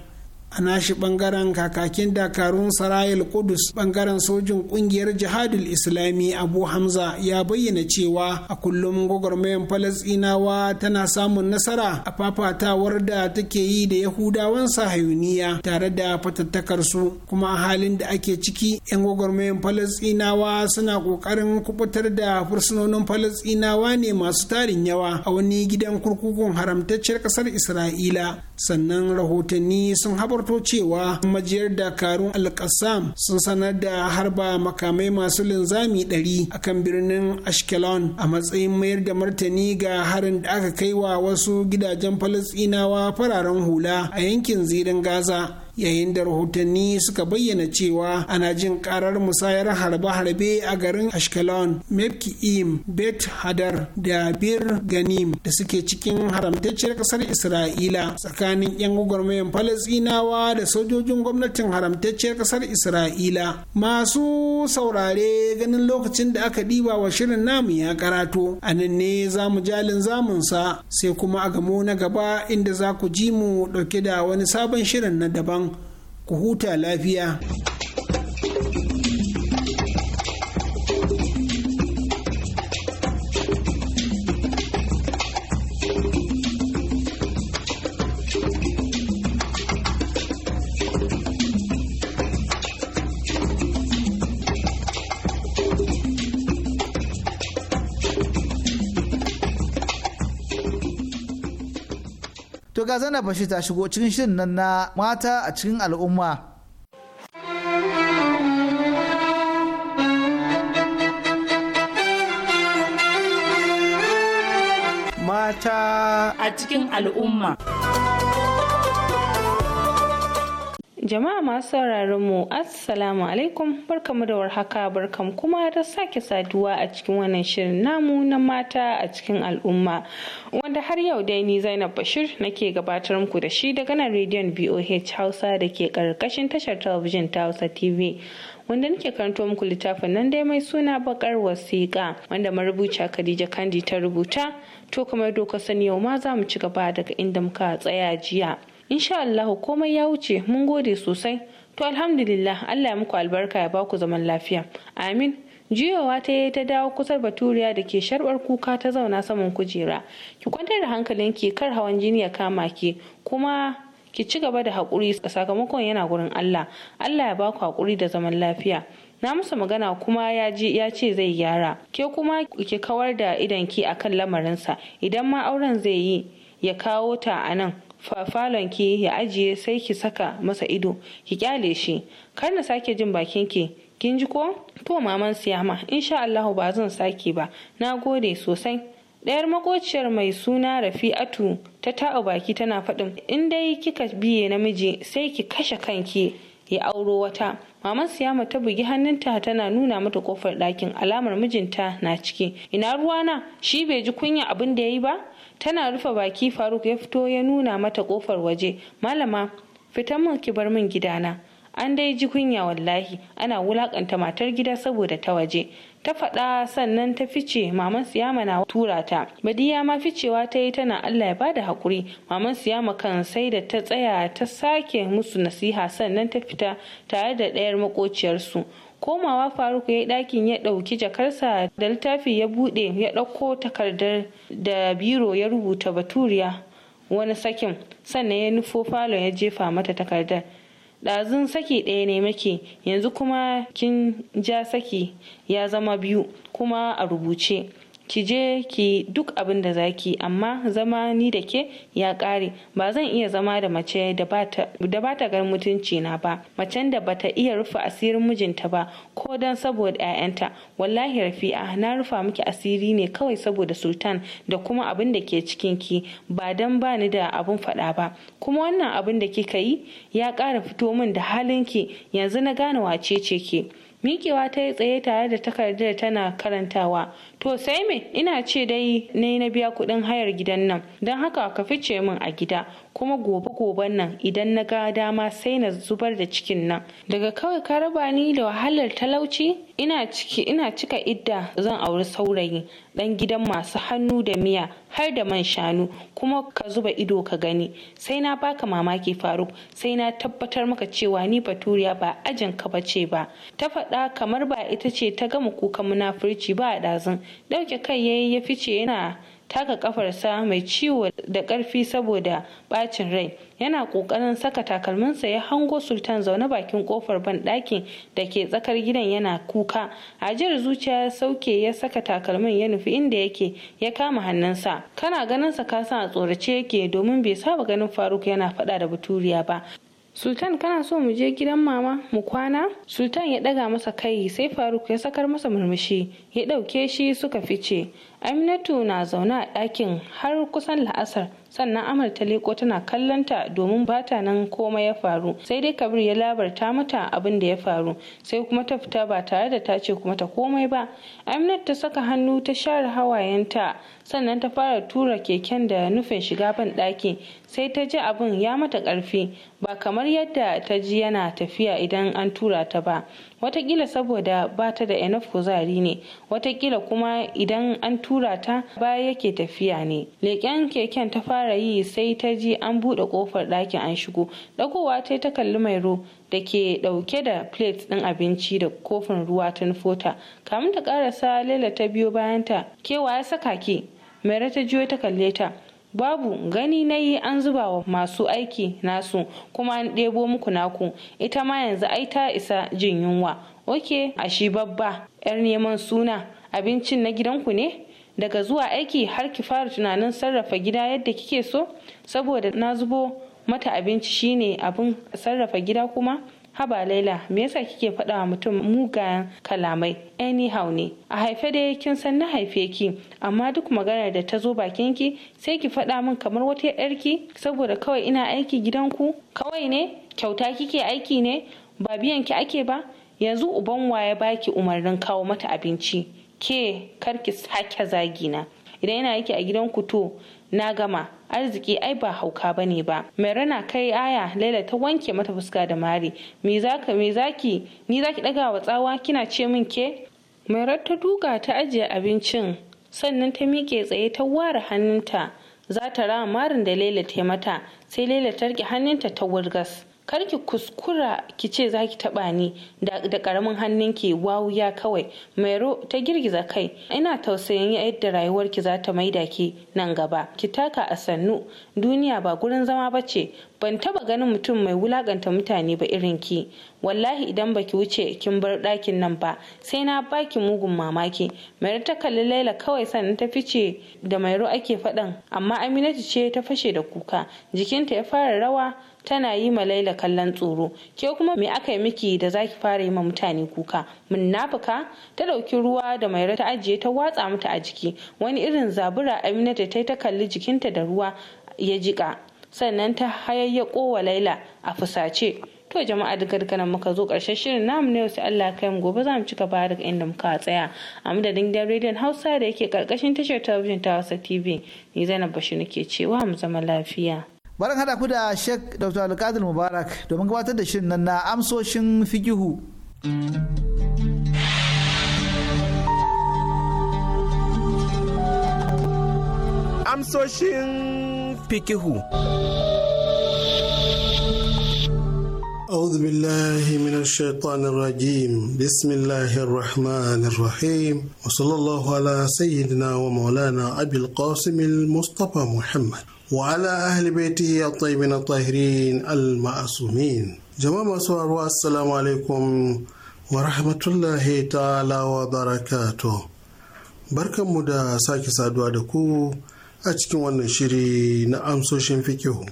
a nashi bangaren kakakin dakarun sarayil kudus bangaren sojin kungiyar jihadul islami abu hamza ya bayyana cewa a kullum gwagwarmayan falasinawa tana samun nasara a fafatawar da take yi da yahudawan sahayuniya tare da fatattakarsu kuma a halin da ake ciki yan gwagwarmayan falasinawa suna kokarin kubutar da fursunonin falasinawa ne masu tarin yawa a wani gidan kurkukun haramtaccen ƙasar isra'ila sannan rahotanni sun habarto cewa majiyar dakarun alkassam sun sanar da harba makamai masu linzami ɗari akan birnin ashkelon a matsayin mayar da martani ga harin da aka kai wa wasu gidajen Falasinawa fararen hula a yankin zirin gaza yayin da rahotanni suka bayyana cewa ana jin karar musayar harbe-harbe a garin ashkelon mepki'im bet hadar da bir ganim da suke cikin haramtacciyar kasar isra'ila tsakanin 'yan gwagwarmayan falasinawa da sojojin gwamnatin haramtacciyar kasar isra'ila masu saurare ganin lokacin da aka diba wa shirin namu ya karato a nan ne za mu jalin zamunsa sai kuma a gamo na gaba inda za ku ji mu dauke da wani sabon shirin na daban ku huta lafiya. to ga zana bashi ta shigo cikin shirin nan na mata a cikin al'umma mata a cikin al'umma Jama'a masu sauraron mu Assalamu alaikum barkamu da warhaka barkam kuma da sake saduwa a cikin wannan shirin namu na mata a cikin al'umma wanda har yau dai ni Zainab Bashir nake gabatar muku da shi daga nan rediyon BOH Hausa da ke karkashin tashar talabijin ta Hausa TV wanda nake karanto muku littafin nan dai mai suna bakar wasiƙa wanda marubuciya Khadija Kandi ta rubuta to kamar doka sani yau ma za mu ci gaba daga inda muka tsaya jiya. insha Allah komai ya wuce mun gode sosai to alhamdulillah Allah ya muku albarka ya baku zaman lafiya amin jiyowa ta yi ta dawo kusa baturiya da ke sharbar kuka ta zauna saman kujera ki kwantar da hankalinki kar hawan jini ya kama ki kuma ki ci gaba da haƙuri sakamakon yana gurin Allah Allah ya baku haƙuri da zaman lafiya na musu magana kuma ya ji ya ce zai gyara ke kuma ki kawar da idanki akan lamarinsa idan ma auren zai yi ya kawo ta a nan ki ya ajiye sai ki saka masa ido ki kyale shi kar na sake jin bakin ki kin ji ko to maman siyama insha Allah ba zan sake ba na gode sosai ɗayar makociyar mai suna rafi'atu ta taɓa baki tana faɗin in dai kika biye namiji sai ki kashe kanki ya auro wata maman siyama ta bugi hannunta tana nuna mata kofar ɗakin alamar mijinta na ciki ina ruwana shi bai ji kunya abin da ya yi ba tana rufe baki faruk ya fito ya nuna mata kofar waje malama fita min ki bar min gidana an dai ji kunya wallahi ana wulakanta matar gida saboda ta waje ta faɗa sannan ta fice maman siyama na tura ta badiya ma ficewa ta yi tana allah ya bada hakuri maman siyama kan sai da ta tsaya ta sake musu nasiha sannan ta fita tare da ɗayar makociyarsu komawa faruk ya yi ɗakin ya ɗauki jakarsa da littafi ya buɗe ya ɗauko takardar da biro ya rubuta baturiya wani sakin sannan ya nufo falon ya jefa mata takardar ɗazun saki ɗaya ne make yanzu kuma kin ja saki ya zama biyu kuma a rubuce ki je ki duk abin da zaki amma zama ni da ke ya kare ba zan iya zama da mace da ba ta gar mutunci na ba macen da bata iya rufe asirin mijinta ba ko don saboda 'ya'yanta wallahi rafi'a na rufa miki asiri ne kawai saboda sultan da kuma abin da ke cikin ki ba dan bani da abin faɗa ba kuma wannan abin da kika yi ya ƙara fito min da halin ki yanzu na gane wacece ke mikewa ta yi tsaye tare da takardar tana karantawa to sai me ina ce dai ne na biya kuɗin hayar gidan nan don haka ka fice min a gida kuma gobe goben nan idan na ga dama sai na zubar da cikin nan daga kawai ka raba ni da wahalar talauci ina ciki ina cika idda zan auri saurayi dan gidan masu hannu da miya har da man shanu kuma ka zuba ido ka gani sai na baka mamaki faruk sai na tabbatar maka cewa ni baturiya ba ajin ka bace ba ta faɗa kamar ba ita ce ta gama kukan munafurci ba a ɗazun ɗauke kai yayi ya fice yana taka kafarsa mai ciwo da ƙarfi saboda ɓacin rai yana ƙoƙarin saka takalminsa ya hango sultan zaune bakin kofar banɗakin da ke tsakar gidan yana kuka ajiyar zuciya sauke ya saka takalmin ya nufi inda yake ya kama hannunsa kana ganinsa ka san a tsorace yake domin bai saba ganin faruk yana faɗa da buturiya ba Sultan kana so mu je gidan mama mu kwana? Sultan ya daga masa kai sai Faruk ya sakar masa murmushi ya ɗauke shi suka fice. Aminatu na zaune a ɗakin har kusan la'asar sannan amar ta leko tana kallonta domin bata nan komai ya faru sai dai kabir ya labarta mata abin da ya faru sai kuma ta fita ba tare da ta ce kuma ta komai ba aminat ta saka hannu ta share hawayenta sannan ta fara tura keken da nufin shiga ban ɗaki sai ta ji abin ya mata ƙarfi ba kamar yadda ta ji yana tafiya idan an tura ta ba watakila saboda ba ta da enough kuzari ne watakila kuma idan an tura ta baya yake tafiya ne leƙen keken ta fara yi sai ta ji an buɗe ƙofar ɗakin an shigo ɗagowa ta ta kalli mai ro da ke ɗauke da plates ɗin abinci da kofin ruwa ta nufota kamun ta ƙarasa lela ta biyo bayanta kewa ya saka ki mai ta juyo ta kalle ta babu gani na yi an zuba wa masu aiki nasu kuma an ɗebo muku naku ita ma yanzu ai ta isa jin yunwa oke a shi babba yar neman suna abincin na gidanku ne daga zuwa aiki har ki fara tunanin sarrafa gida yadda kike so saboda na zubo mata abinci shine abin sarrafa gida kuma haba laila me yasa kike faɗa wa mutum mugayen kalamai anyhow ne a haife dai kin san na haife ki amma duk maganar da ta zo bakin ki sai ki faɗa min kamar wata yarki saboda kawai ina aiki gidan ku. kawai ne kyauta kike aiki ne ba biyan ki ake ba yanzu uban wa ya baki umarnin kawo mata abinci ke karki sake zagina idan yana aiki a gidanku to na gama arziki ai ba hauka bane ba mai rana kai aya laila ta wanke mata fuska da mari me zaka me zaki ni zaki daga wa tsawa kina ce min ke mai ta duga ta ajiye abincin sannan ta miƙe tsaye ta ware hannunta za ta rama marin da laila ta mata sai laila ta rike hannunta ta wurgas kar ki kuskura ki ce za ki taɓa ni da ki wawu ya kawai mairo ta girgiza kai ina tausayin yadda ki za ta maida ki nan gaba ki taka a sannu duniya ba gurin zama ba ce ban taɓa ganin mutum mai wulakanta mutane ba irin ki wallahi idan ba ki wuce kin bar ɗakin nan ba sai na baki mugun mamaki mairo ta kalli laila kawai sannan ta fice da mairo ake faɗan amma aminatu ce ta fashe da kuka jikinta ya fara rawa tana yi ma laila kallon tsoro ke kuma me aka yi miki da zaki fara yi ma mutane kuka Mun munnafuka ta dauki ruwa da mai ta ajiye ta watsa mata a jiki wani irin zabura aminata ta ta kalli jikinta da ruwa ya jika sannan ta hayayyako wa laila a fusace to jama'a da gargaran muka zo karshen shirin namu ne wasu Allah kai mu gobe za mu ci gaba daga inda muka tsaya a madadin gidan rediyon Hausa da yake karkashin tashar talabijin ta Hausa TV ni Zainab Bashir nake cewa mu zama lafiya barin hada ku da Sheikh Dr. Alkadir Mubarak domin gabatar da shirin nan na amsoshin fikihu. Amsoshin fikihu. أعوذ بالله من الشيطان الرجيم بسم الله الرحمن الرحيم وصلى الله على سيدنا ومولانا أبي القاسم المصطفى محمد وعلى أهل بيته الطيبين الطاهرين المعصومين جماعة مسوار السلام عليكم ورحمة الله تعالى وبركاته barkan mu da sake saduwa da ku a cikin wannan shiri na amsoshin fikihu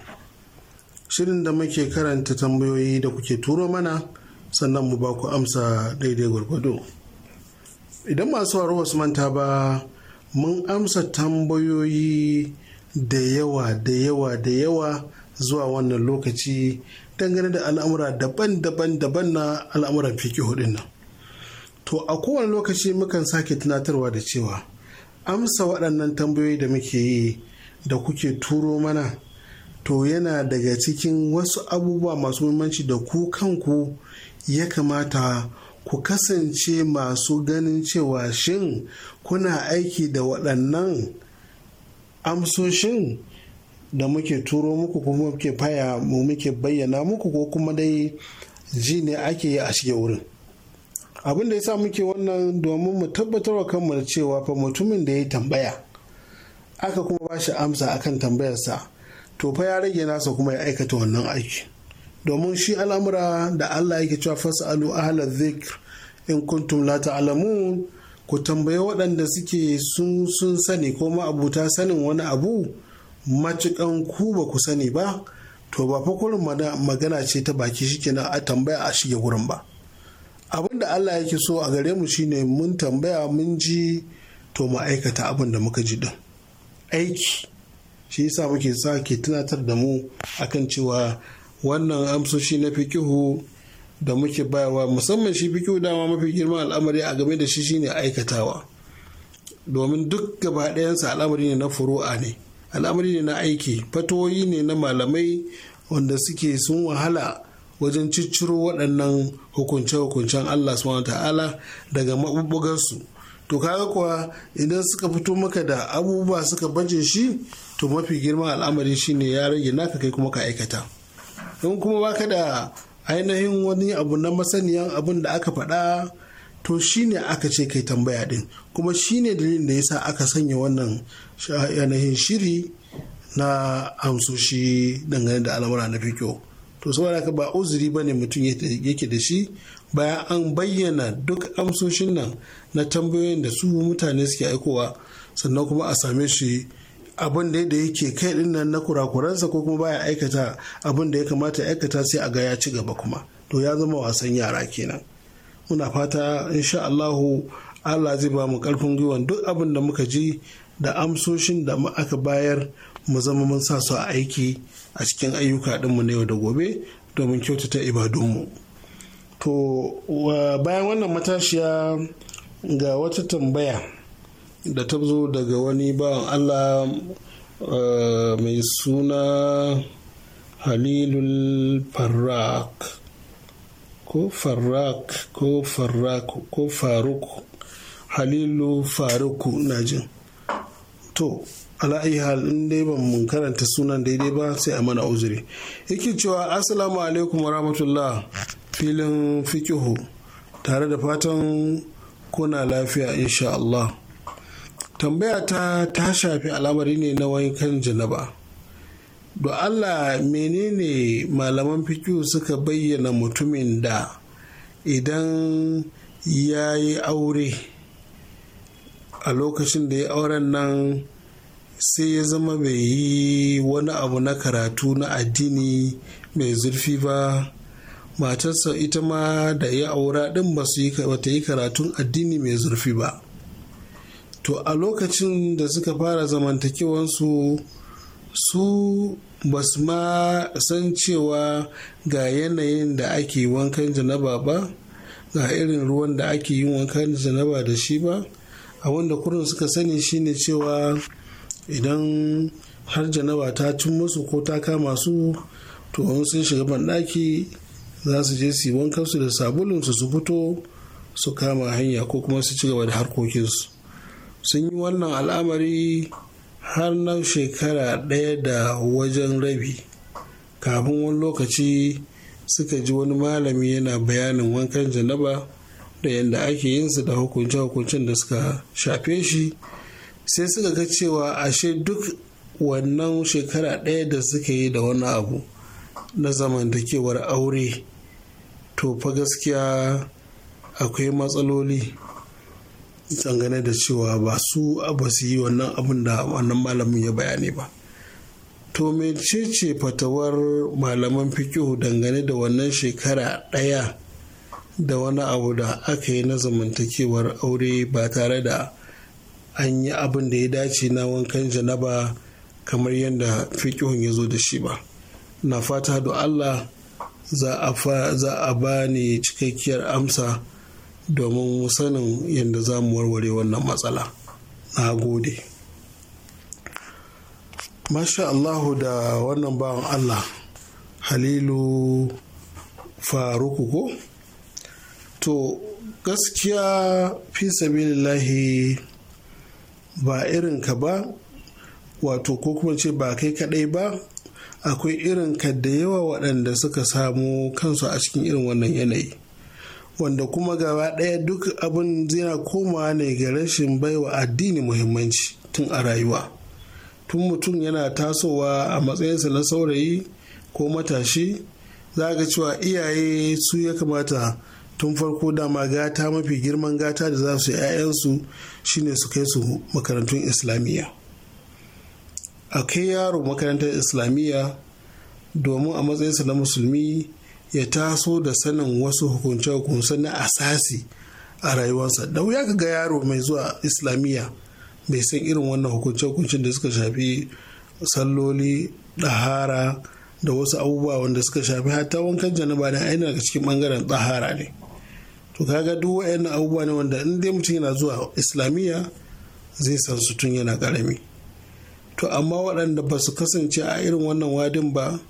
shirin da muke karanta tambayoyi da kuke turo mana sannan mu ba ku amsa daidai gwargwado idan masu wasu manta ba mun amsa tambayoyi da yawa da yawa da yawa zuwa wannan lokaci dangane da al'amura daban-daban daban na al'amuran fiki hudun nan to a kowane lokaci mukan sake tunatarwa da cewa amsa waɗannan tambayoyi da muke yi da kuke turo mana to yana daga cikin wasu abubuwa masu muhimmanci da ku kanku ya kamata ku kasance masu ganin cewa shin kuna aiki da waɗannan amsoshin da muke turo muku kuma muke faya mu muke bayyana muku ko kuma dai ji ne ake yi a shige wurin abin da ya sa muke wannan domin mu tabbatar wa kanmu da cewa fa mutumin da ya tambaya aka kuma ba shi amsa akan tambayarsa to fa ya rage nasa kuma ya aikata wannan aiki domin shi al'amura da Allah yake cewa fasalu ahla dhikr in kuntum la ta'lamun ku tambayi waɗanda suke sun sun sani ko ma'abuta sanin wani abu macikan ku ba ku sani ba to ba fa kurin magana ce ta baki shikenan a tambaya a shige gurin ba abin da Allah yake so a gare mu shine mun tambaya mun ji to mu aikata abin da muka ji din aiki shi yasa muke sa ke tunatar da mu akan cewa wannan amsoshi na fikihu da muke bayarwa musamman shi kyau dama mafi girma al'amari a game da shi shine aikatawa domin duk gaba ɗayansa al'amari ne na furu'a ne al'amari ne na aiki fatoyi ne na malamai wanda suke sun wahala wajen cicciro waɗannan hukunce-hukuncen Allah subhanahu ta'ala daga maɓuɓɓugarsu to kaga kuwa idan suka fito maka da abubuwa suka baje shi to mafi girma al'amari shine ya rage naka kai kuma ka aikata in kuma baka da ainihin wani abu na masaniyan abin da aka faɗa to shine aka ce kai tambaya din kuma shine dalilin da ya sa aka sanya wannan ainihin shiri na amsoshi dangane da al'amura na fikiyo to saboda haka ba uzuri ba ne mutum yake da shi bayan an bayyana duk amsoshin nan na tambayoyin da su mutane suke aikowa sannan kuma a same shi abin da yake kai din nan na kurakuransa ko kuma baya aikata abin da ya kamata aikata sai a ga ya ci gaba kuma to ya zama wasan yara kenan muna fata insha Allahu Allah zai ba mu karfin gwiwan duk abin da muka ji da amsoshin da aka bayar mu zama mun sa su a aiki a cikin ayyuka mu na yau da gobe domin kyautata ibadunmu to bayan wannan matashiya ga wata tambaya da ta zo daga wani bawan allah eh, mai suna halilul farrak ko farrak ko ko faruk halilu faruk na jin to ala'ayi halin dai ban mun karanta sunan daidai ba sai a mana uzuri yake cewa assalamu alaikum rahmatullah', filin fikihu tare da fatan kuna lafiya insha Allah tambaya ta ta shafi al'amari ne na wankan janaba do allah menene malaman fikiyu suka bayyana mutumin da idan ya yi aure a lokacin da ya auren nan sai ya zama bai yi wani abu na karatu na addini mai zurfi ba matarsa ita ma da ya aura din ba ta yi karatun addini mai zurfi ba to a lokacin da suka fara zamantakewansu su ba su ma san cewa ga yanayin da ake wankan janaba ba ga irin ruwan da ake yin wankan janaba da shi ba a wanda kurin suka sani shine cewa idan har janaba ta cin musu ko ta kama su to in sun shiga banɗaki za su je su yi wankansu da sabulun su fito su kama hanya ko kuma su ci gaba da harkokinsu sun yi wannan al'amari har na shekara ɗaya da wajen rabi kafin wani lokaci suka ji wani malami yana bayanin wankan janaba da yadda ake su da hukunce-hukuncen da suka shafe shi sai suka ga cewa ashe duk wannan shekara ɗaya da suka yi da wani abu na zamantakewar aure to fa gaskiya akwai matsaloli dangane da cewa ba su ba su yi wannan abin da wannan malamin ya bayani ba to mecece fatawar malaman fikihu dangane da wannan shekara ɗaya da wani abu da aka yi na zamantakewar aure ba tare da an yi abin da ya dace na wankan janaba kamar yadda fikihun ya zo da shi ba na fata da allah za a ba ni cikakkiyar amsa domin sanin yadda za mu warware wannan matsala na gode masha allahu da wannan bawan allah halilu faruku ko to gaskiya fi sabilillahi ba irin ka ba wato ko kuma ce ba kai kadai ba akwai irin ka da yawa waɗanda suka samu kansu a cikin irin wannan yanayi wanda kuma gaba ɗaya duk abin zina komawa ne ga rashin baiwa addini muhimmanci tun a rayuwa tun mutum yana tasowa a matsayinsa na saurayi ko matashi za ga cewa iyaye su ya kamata tun farko dama gata mafi girman gata da za su yi 'ya'yansu shine su kai su makarantun islamiyya a kai yaro makarantar islamiyya domin a matsayinsa na musulmi ya taso da sanin wasu hukunce-hukunce na asasi a rayuwarsa da wuya ka ga yaro mai zuwa islamiyya bai san irin wannan hukunce-hukuncen da suka shafi salloli ɗahara da wasu abubuwa wanda suka shafi hatta wankan janaba da aini daga cikin bangaren ɗahara ne to kaga duk wa'annan abubuwa ne wanda in dai mutum yana zuwa islamiyya zai san su tun yana karami to amma waɗanda ba su kasance a irin wannan wadin ba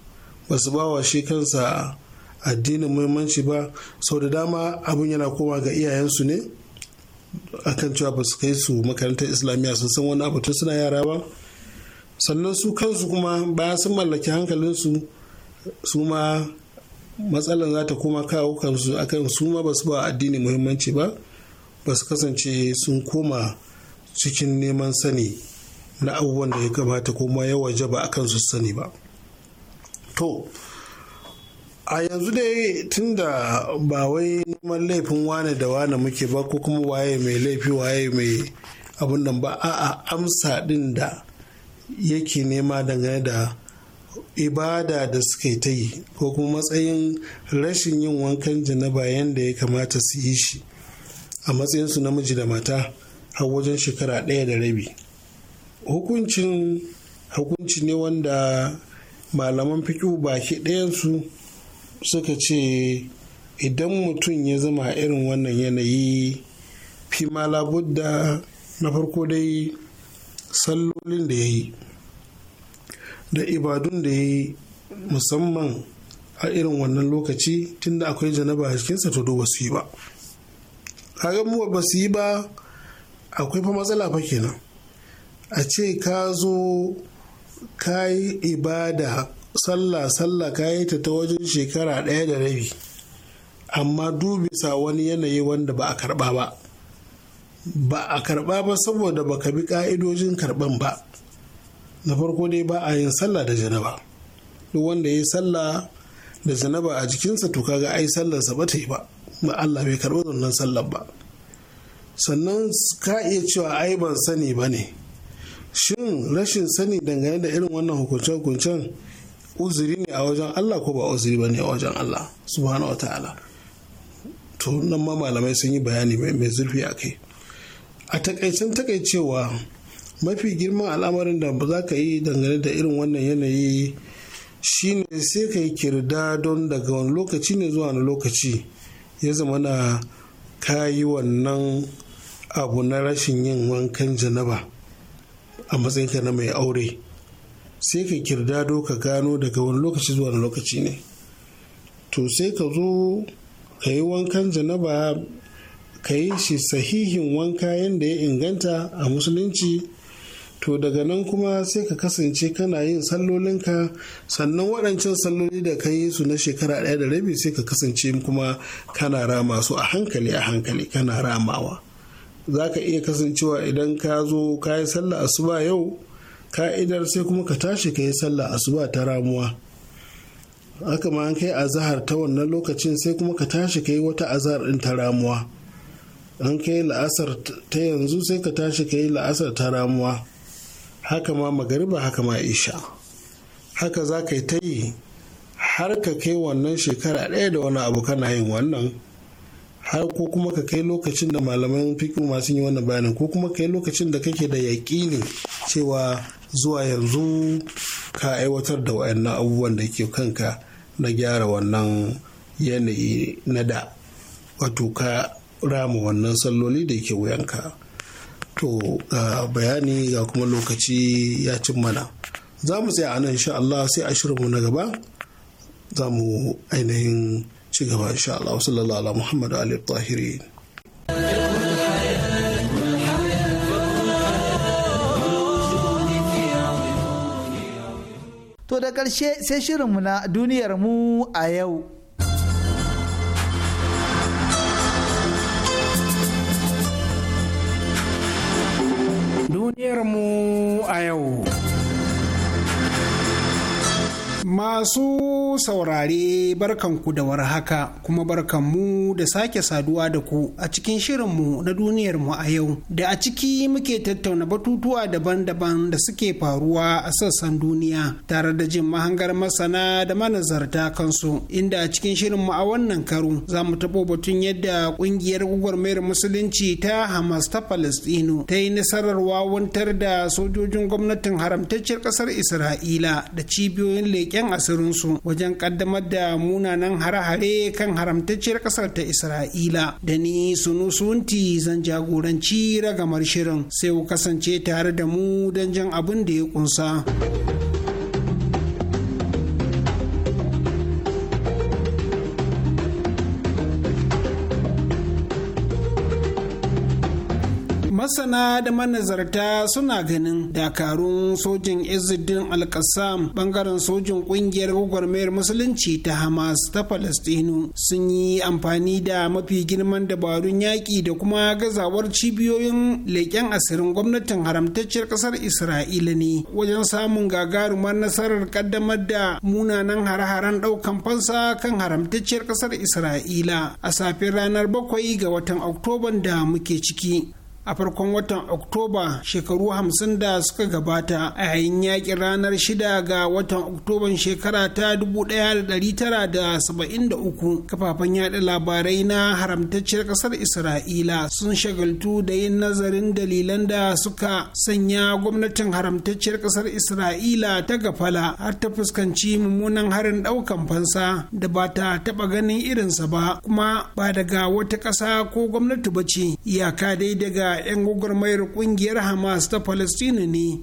ba su ba wa shi kansa addinin muhimmanci ba sau da dama abin yana koma ga iyayensu ne akan cewa ba su kai su makarantar islamiyya sun san wani abu tun suna yara ba sannan su kansu kuma bayan sun mallaki hankalinsu su ma matsalar za ta koma kawo kansu akan su ma ba su ba addini muhimmanci ba ba su kasance sun koma cikin neman sani na abubuwan da ya kamata kuma ya waje ba akan su sani ba to a yanzu dai tunda ba wai neman laifin wane da wane muke ba ko kuma waye mai laifi waye mai abin nan ba a'a amsa din da yake nema dangane da ibada da suka ta yi ko kuma matsayin rashin yin wankan janaba yadda ya kamata su yi shi a matsayinsu namiji da mata har wajen shekara ɗaya da rabi hukuncin hukunci ne wanda malaman fiƙi baki su. suka ce idan mutum ya zama a irin wannan yanayi fi ma labudda na farko dai sallolin da ya yi da ibadun da ya yi musamman a irin wannan lokaci tunda akwai janaba a cikinsa to do su yi ba kaga mu ba su yi ba akwai fa matsala fa kenan a ce ka zo ka yi ibada sallah sallah ka yi ta ta wajen shekara ɗaya da rabi amma dubisa wani yanayi wanda ba a karɓa ba ba a karɓa ba saboda ba ka bi ƙa'idojin karɓan ba na farko dai ba a yin sallah da janaba duk wanda ya yi sallah da janaba a jikinsa to kaga ai sallarsa ba ta yi ba ba Allah bai karɓi wannan sallar ba sannan ka iya cewa ai ban sani ba ne shin rashin sani dangane da irin wannan hukunce-hukuncen uzuri ne a wajen Allah ko ba uzuri ba ne a wajen Allah subhanahu wa ta'ala to nan ma malamai sun yi bayani mai zurfi a kai a takaicin takaicewa mafi girman al'amarin da ba za ka yi dangane da irin wannan yanayi shine sai ka yi kirda don daga wani lokaci ne zuwa wani lokaci ya zama na ka yi wannan abu na rashin yin wankan janaba a matsayinka na mai aure sai ka do ka gano daga wani lokaci zuwa wani lokaci ne to sai ka zo ka yi wankan janaba ka yi shi sahihin wanka yadda ya inganta a musulunci to daga nan kuma sai ka kasance kana yin sallolinka sannan waɗancan salloli da ka yi su na shekara ɗaya da rabi sai ka kasance kuma kana rama su a hankali a hankali kana ramawa za ka iya kasancewa idan ka zo ka yi sallah asuba yau ka'idar sai kuma ka tashi ka yi sallah asuba ta ramuwa haka ma an kai azahar ta wannan lokacin sai kuma ka tashi ka yi wata azahar ɗin ta ramuwa an kai la'asar ta yanzu sai ka tashi ka yi la'asar ta ramuwa haka ma magariba haka ma isha haka za ka yi ta yi har ka kai wannan shekara ɗaya da wani abu kana yin wannan har ko kuma ka kai lokacin da malaman fikin masu yi wannan bayanin ko kuma ka kai lokacin da kake da yaƙini cewa zuwa yanzu ka aiwatar da wayannan abubuwan da ke kanka na gyara wannan yanayi na da wato ka rama wannan salloli da ke wuyanka to ga bayani ga kuma lokaci ya cin mana za mu tsaya anan insha Allah sai a shirinmu na gaba za mu ainihin ci gaba insha Allah sallallahu Muhammadu Ali Tahiri. to da ƙarshe sai shirinmu na duniyar mu a yau duniyar mu a yau Masu saurare barkanku da warhaka kuma barkanmu da sake saduwa da ku a cikin shirinmu na duniyarmu a yau da a ciki muke tattauna batutuwa daban-daban da suke faruwa a sassan duniya tare da jin mahangar masana da manazarta kansu inda a cikin shirinmu a wannan karo za mu taɓo batun yadda ƙungiyar gwagwarmayar musulunci ta Hamas ta palestino ta yi nasarar wawantar da sojojin gwamnatin haramtacciyar ƙasar Isra'ila da cibiyoyin leƙen yan asirinsu wajen kaddamar da munanan hare-hare kan haramtacciyar kasar ta isra'ila da ni sunu sunti zan jagoranci ragamar shirin sai ku kasance tare da mu don jan abin da ya kunsa. masana da manazarta suna ganin dakarun sojin izidin alkassam bangaren sojin kungiyar gwagwarmayar musulunci ta hamas ta palestinu sun yi amfani da mafi girman dabarun yaƙi da kuma gazawar cibiyoyin leƙen asirin gwamnatin haramtacciyar ƙasar isra'ila ne wajen samun gagarumar nasarar ƙaddamar da munanan hare-haren ɗaukan fansa kan haramtacciyar ƙasar isra'ila a safin ranar bakwai ga watan oktoban da muke ciki a farkon watan oktoba shekaru hamsin da suka gabata a yayin yakin ranar shida ga watan oktoban shekara ta da tara uku kafafen yaɗa labarai na haramtacciyar ƙasar isra'ila sun shagaltu da yin nazarin dalilan da suka sanya gwamnatin haramtacciyar ƙasar isra'ila ta gafala har ta fuskanci mummunan harin ɗaukan fansa da ba ta taba ganin irinsa ba kuma ba daga wata ƙasa ko gwamnati ba ce iyaka dai daga 'yan gwagwarmayar kungiyar hamas ta palestina ne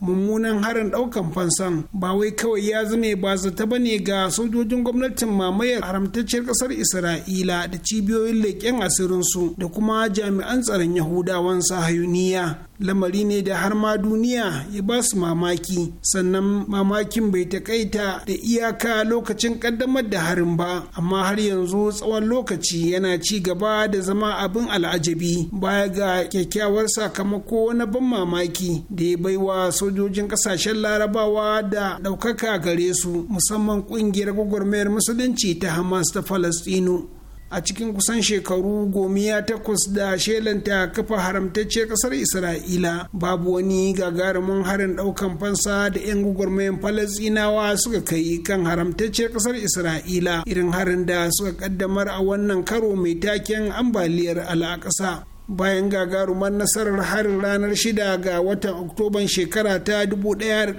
mummunan harin daukan fansan ba wai kawai ya zame ba zata ba ne ga sojojin gwamnatin mamayar haramtacciyar kasar isra'ila da cibiyoyin leƙen asirinsu da kuma jami'an tsaron yahudawan sahayuniya lamari ne da har ma duniya ya ba su mamaki sannan mamakin bai taƙaita da iyaka lokacin ƙaddamar da harin ba amma har yanzu tsawon lokaci yana ci gaba da zama abin al'ajabi baya ga kyakkyawar sakamako na ban mamaki da ya baiwa sojojin ƙasashen larabawa da ɗaukaka gare su musamman ƙungiyar gwagwarmayar musulunci ta hamas ta falastinu a cikin kusan shekaru gomiya takwas da shelanta kafa haramtacciyar kasar isra'ila babu wani gagarumin harin daukan fansa da 'yan gwagwarmayan falasinawa suka kai kan haramtacciyar kasar isra'ila irin harin da suka kaddamar a wannan karo mai taken ambaliyar al'akasa bayan gagarumar nasarar harin ranar 6 ga watan oktoban shekara ta 1973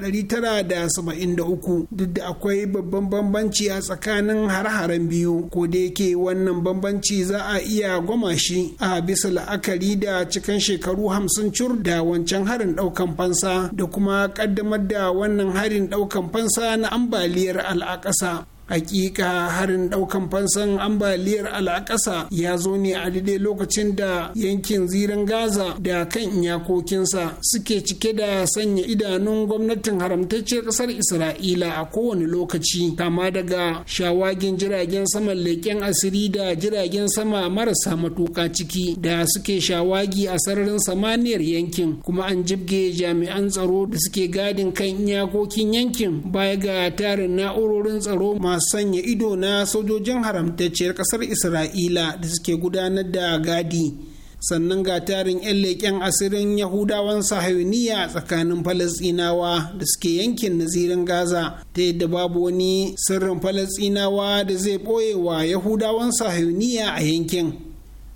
duk da akwai babban bambanci a tsakanin har-haren biyu ko da yake wannan bambanci za a iya gwama shi a bisa la'akari da cikin shekaru 50 cur da wancan harin daukan fansa da kuma kaddamar da wannan harin daukan fansa na ambaliyar al'akasa hakika harin daukan fansan ambaliyar al'akasa ya zo ne a daidai lokacin da yankin ziran gaza da kan iyakokinsa suke cike da sanya idanun gwamnatin haramtacciyar kasar isra'ila a kowane lokaci kama daga shawagin jiragen sama leƙen asiri da jiragen sama marasa matuƙa ciki da suke shawagi a sararin samaniyar yankin kuma an jibge jami'an tsaro da suke gadin kan iyakokin yankin baya ga tarin na'urorin tsaro masu sanya ido na sojojin haramtacciyar kasar isra'ila da suke gudanar da gadi sannan ga tarin 'yan leƙen asirin yahudawan sahayuniya tsakanin falasinawa da suke yankin nazirin gaza ta yadda babu wani sirrin falasinawa da zai ɓoye wa yahudawan sahayuniya a yankin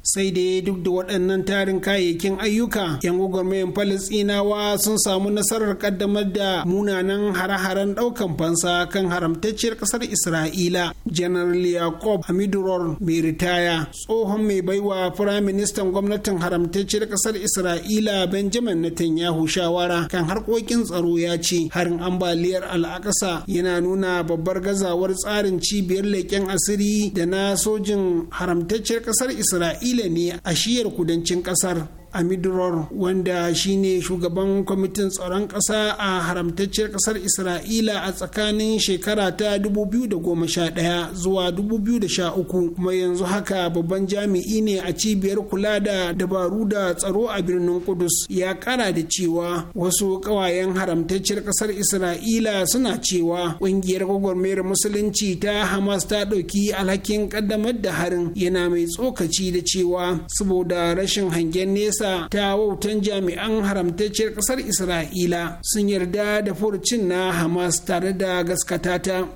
sai dai duk da waɗannan tarin kayayyakin ayyuka yan gwagwarmayan falastinawa sun samu nasarar kaddamar da munanan hare-haren ɗaukan fansa kan haramtacciyar ƙasar isra'ila general yacob hamiduror mai ritaya tsohon mai baiwa firaministan gwamnatin haramtacciyar ƙasar isra'ila benjamin netanyahu shawara kan harkokin tsaro ya ce harin ambaliyar al'akasa yana nuna babbar gazawar tsarin cibiyar leƙen asiri da na sojin haramtacciyar ƙasar isra'ila isra'ila ne a shiyar kudancin kasar amidror wanda shine shugaban kwamitin tsaron ƙasa a haramtacciyar ƙasar isra'ila a tsakanin shekara ta 2011 zuwa 2013 kuma yanzu haka babban jami'i ne a cibiyar kula da dabaru da tsaro a birnin kudus ya kara da cewa wasu ƙawayen haramtacciyar ƙasar isra'ila suna cewa ƙungiyar gwagwarmayar musulunci ta hamas ta ɗauki alhakin ƙaddamar da harin yana mai tsokaci da cewa saboda rashin hangen nesa majalisa ta wautan jami'an haramtacciyar ƙasar isra'ila sun yarda da furcin na hamas tare da gaskata ta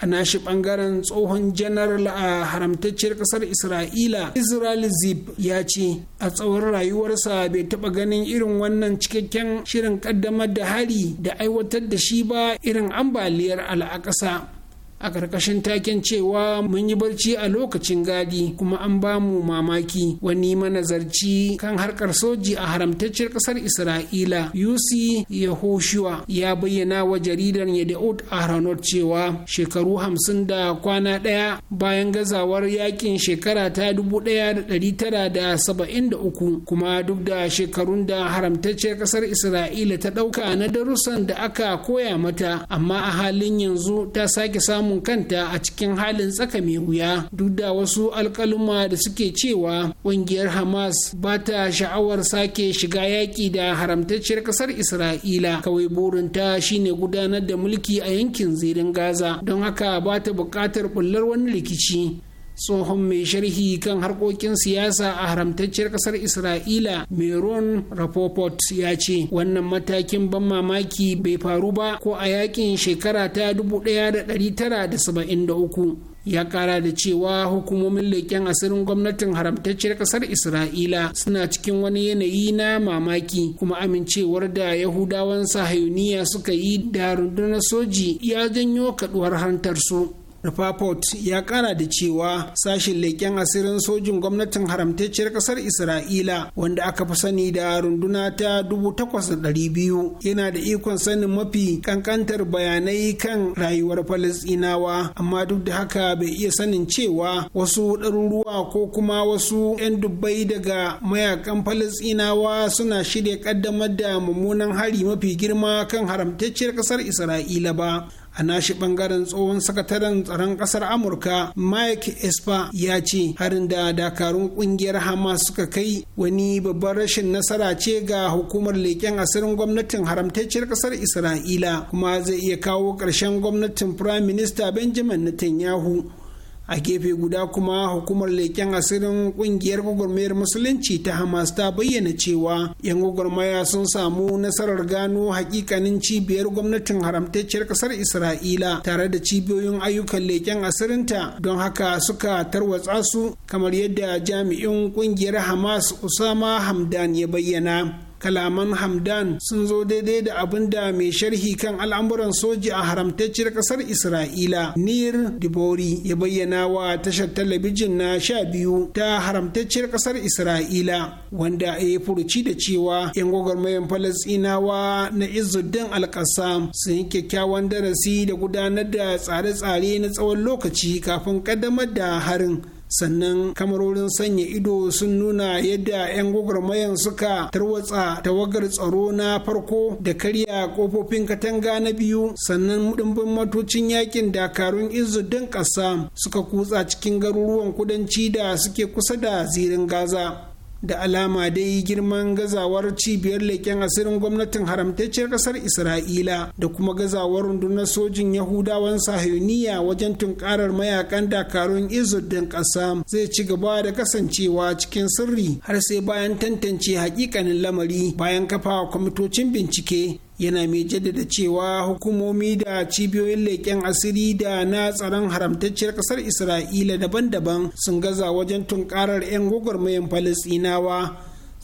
a nashi bangaren tsohon janaral a haramtacciyar ƙasar isra'ila israel zib ya ce a tsawon rayuwarsa bai taɓa ganin irin wannan cikakken shirin ƙaddamar da hari da aiwatar da shi ba irin ambaliyar al'akasa a ƙarƙashin taken cewa mun yi barci a lokacin gadi kuma an ba mu mamaki wani manazarci kan harkar soji a haramtacciyar ƙasar isra'ila uc yahoshua ya bayyana wa jaridar yadda'ud ahranot cewa shekaru hamsin da kwana ɗaya bayan gazawar yakin shekara ta uku kuma duk da shekarun da haramtacciyar ƙasar isra'ila ta ɗauka na darussan da aka koya mata amma a halin yanzu ta sake samun samun kanta a cikin halin tsaka mai wuya duk da wasu alkaluma da suke cewa ƙungiyar hamas ba ta sha'awar sake shiga yaƙi da haramtacciyar ƙasar isra'ila kawai burinta shine gudanar da mulki a yankin zirin gaza don haka ba ta buƙatar bullar wani rikici tsohon mai sharhi kan harkokin siyasa a haramtacciyar kasar isra'ila meron rapoport ya ce wannan matakin ban mamaki bai faru ba ko a yakin shekara ta 1973 ya kara da cewa hukumomin leƙen asirin gwamnatin haramtacciyar ƙasar isra'ila suna cikin wani yanayi na mamaki kuma amincewar da yahudawan sahayuniya suka yi da rundunar soji ya janyo kaduwar hantar su Rapaport ya kara da cewa sashin leƙen asirin sojin gwamnatin haramtacciyar ƙasar Isra'ila wanda aka fi sani da runduna ta 8,200 yana da ikon sanin mafi kankantar bayanai kan rayuwar Falasɗinawa amma duk da haka bai iya sanin cewa wasu ɗaruruwa ko kuma wasu 'yan dubbai daga mayakan Falasɗinawa suna shirya ƙaddamar da mummunan hari mafi girma kan haramtacciyar ƙasar Isra'ila ba. a nashi bangaren tsohon sakataren tsaron kasar amurka mike espa ya ce harin da dakarun kungiyar hamas suka kai wani babban rashin nasara ce ga hukumar leƙen asirin gwamnatin haramtacciyar kasar isra'ila kuma zai iya kawo ƙarshen gwamnatin firaminista minista benjamin netanyahu a gefe guda kuma hukumar leken asirin ƙungiyar gwagwarmayar musulunci ta hamas ta bayyana cewa yan gwagwarmaya sun samu nasarar gano hakikanin cibiyar gwamnatin haramtacciyar kasar isra'ila tare da cibiyoyin ayyukan leken asirinta don haka suka tarwatsa su kamar yadda jami'in ƙungiyar hamas usama hamdan ya bayyana kalaman hamdan sun zo daidai da abin da mai sharhi kan al'amuran soji a haramtacciyar kasar isra'ila nir dibori ya bayyana wa tashar talabijin na sha biyu ta haramtacciyar kasar isra'ila wanda ya furuci da cewa yan gwagwarmayan falasinawa na Izudin Alƙasa sun yi kyakkyawan darasi da gudanar da tsare-tsare na tsawon lokaci kafin kaddamar da harin sannan kamarorin sanya ido sun nuna yadda 'yan gwagwarmayan suka tarwatsa tawagar tsaro na farko da karya kofofin katanga na biyu sannan mudumbin matocin yakin dakarun izuddin ƙasa suka kutsa cikin garuruwan kudanci da suke kusa da zirin gaza da alama dai girman gazawar cibiyar leƙen asirin gwamnatin haramtacciyar ƙasar isra'ila da kuma gazawar rundunar sojin yahudawan sahiyoniya wajen tunkarar mayakan dakarun izuddin ƙasa zai ci gaba da kasancewa cikin sirri har sai bayan tantance hakikanin lamari bayan kafawa kwamitocin bincike yana mai jaddada cewa hukumomi da cibiyoyin leƙen asiri da na tsaron haramtacciyar ƙasar isra'ila daban-daban sun gaza wajen tunkarar 'yan gwagwarmayan falasɗinawa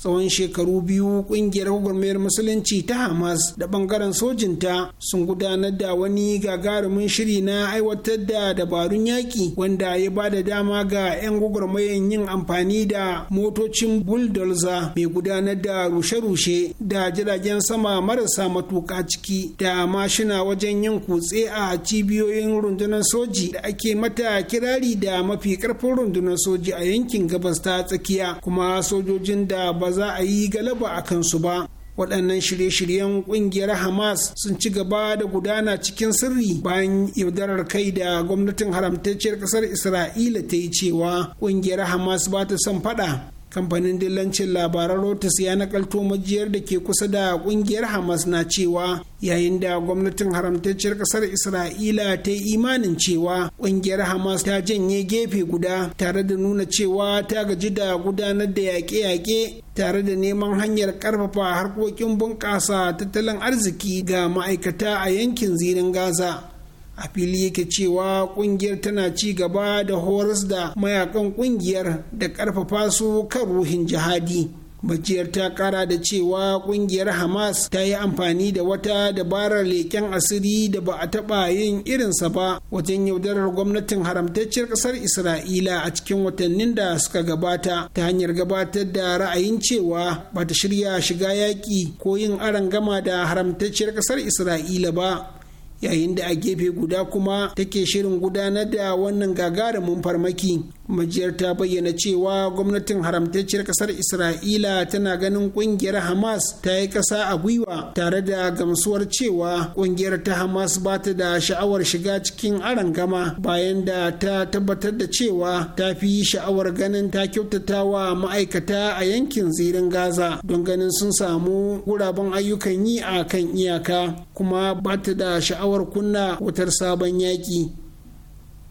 tsawon shekaru biyu kungiyar gwagwarmayar musulunci ta hamas da bangaren sojinta sun gudanar da wani gagarumin shiri na aiwatar da dabarun yaƙi wanda ya ba da dama ga 'yan gwagwarmayar yin amfani da motocin bulldozer mai gudanar da rushe-rushe da jiragen sama marasa matuƙa ciki da mashina wajen yin kutse a cibiyoyin rundunar soji da ake mata kirari da mafi karfin rundunar soji a yankin gabas ta tsakiya kuma sojojin da ba ba za a yi galaba a kansu ba waɗannan shirye-shiryen ƙungiyar hamas sun ci gaba da gudana cikin sirri bayan yaudarar kai da gwamnatin haramtacciyar ƙasar isra'ila ta yi cewa ƙungiyar hamas ba ta son faɗa kamfanin dillancin labaran Rotas ya nakalto majiyar da ke kusa da kungiyar Hamas na cewa yayin da gwamnatin haramtacciyar kasar Isra'ila ta yi imanin cewa kungiyar Hamas ta janye gefe guda tare da nuna cewa ta gaji da gudanar da yaƙe-yaƙe tare da neman hanyar ƙarfafa harkokin bunƙasa tattalin arziki ga ma'aikata a yankin zirin Gaza. a fili yake cewa kungiyar tana ci gaba da horas da mayakan kungiyar da karfafa su kan ruhin jihadi bajiyar ta kara da cewa kungiyar hamas ta yi amfani da wata dabarar leken asiri da ba a taba yin irinsa ba wajen yaudarar gwamnatin haramtacciyar kasar isra'ila a cikin watannin da suka gabata ta hanyar gabatar da ra'ayin cewa ba ta shirya shiga yaƙi ko yin gama da haramtacciyar kasar isra'ila ba yayin da a gefe guda kuma take shirin gudanar da wannan gagarumin farmaki majiyar ta bayyana cewa gwamnatin haramtacciyar kasar isra'ila tana ganin kungiyar hamas ta yi kasa a gwiwa tare da gamsuwar cewa kungiyar ta hamas ba ta da sha'awar shiga cikin aron gama bayan da ta tabbatar da cewa ta fi sha'awar ganin ta kyautata wa ma'aikata a yankin zirin gaza don ganin sun samu guraben ayyukan yi a kan iyaka kuma ba ta da sha'awar kunna wutar sabon yaƙi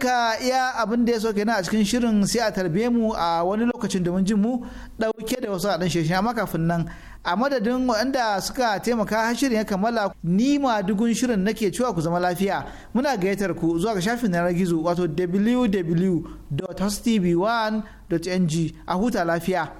duka iya abin da ya sauke na a cikin shirin sai a tarbe mu a wani lokacin domin jin mu dauke da wasu a dan amma kafin nan a madadin waɗanda suka taimaka har shirin ya kammala ni ma dugun shirin nake cewa ku zama lafiya muna gayyatar ku zuwa ga shafin yanar gizo wato www.hostv1.ng a huta lafiya.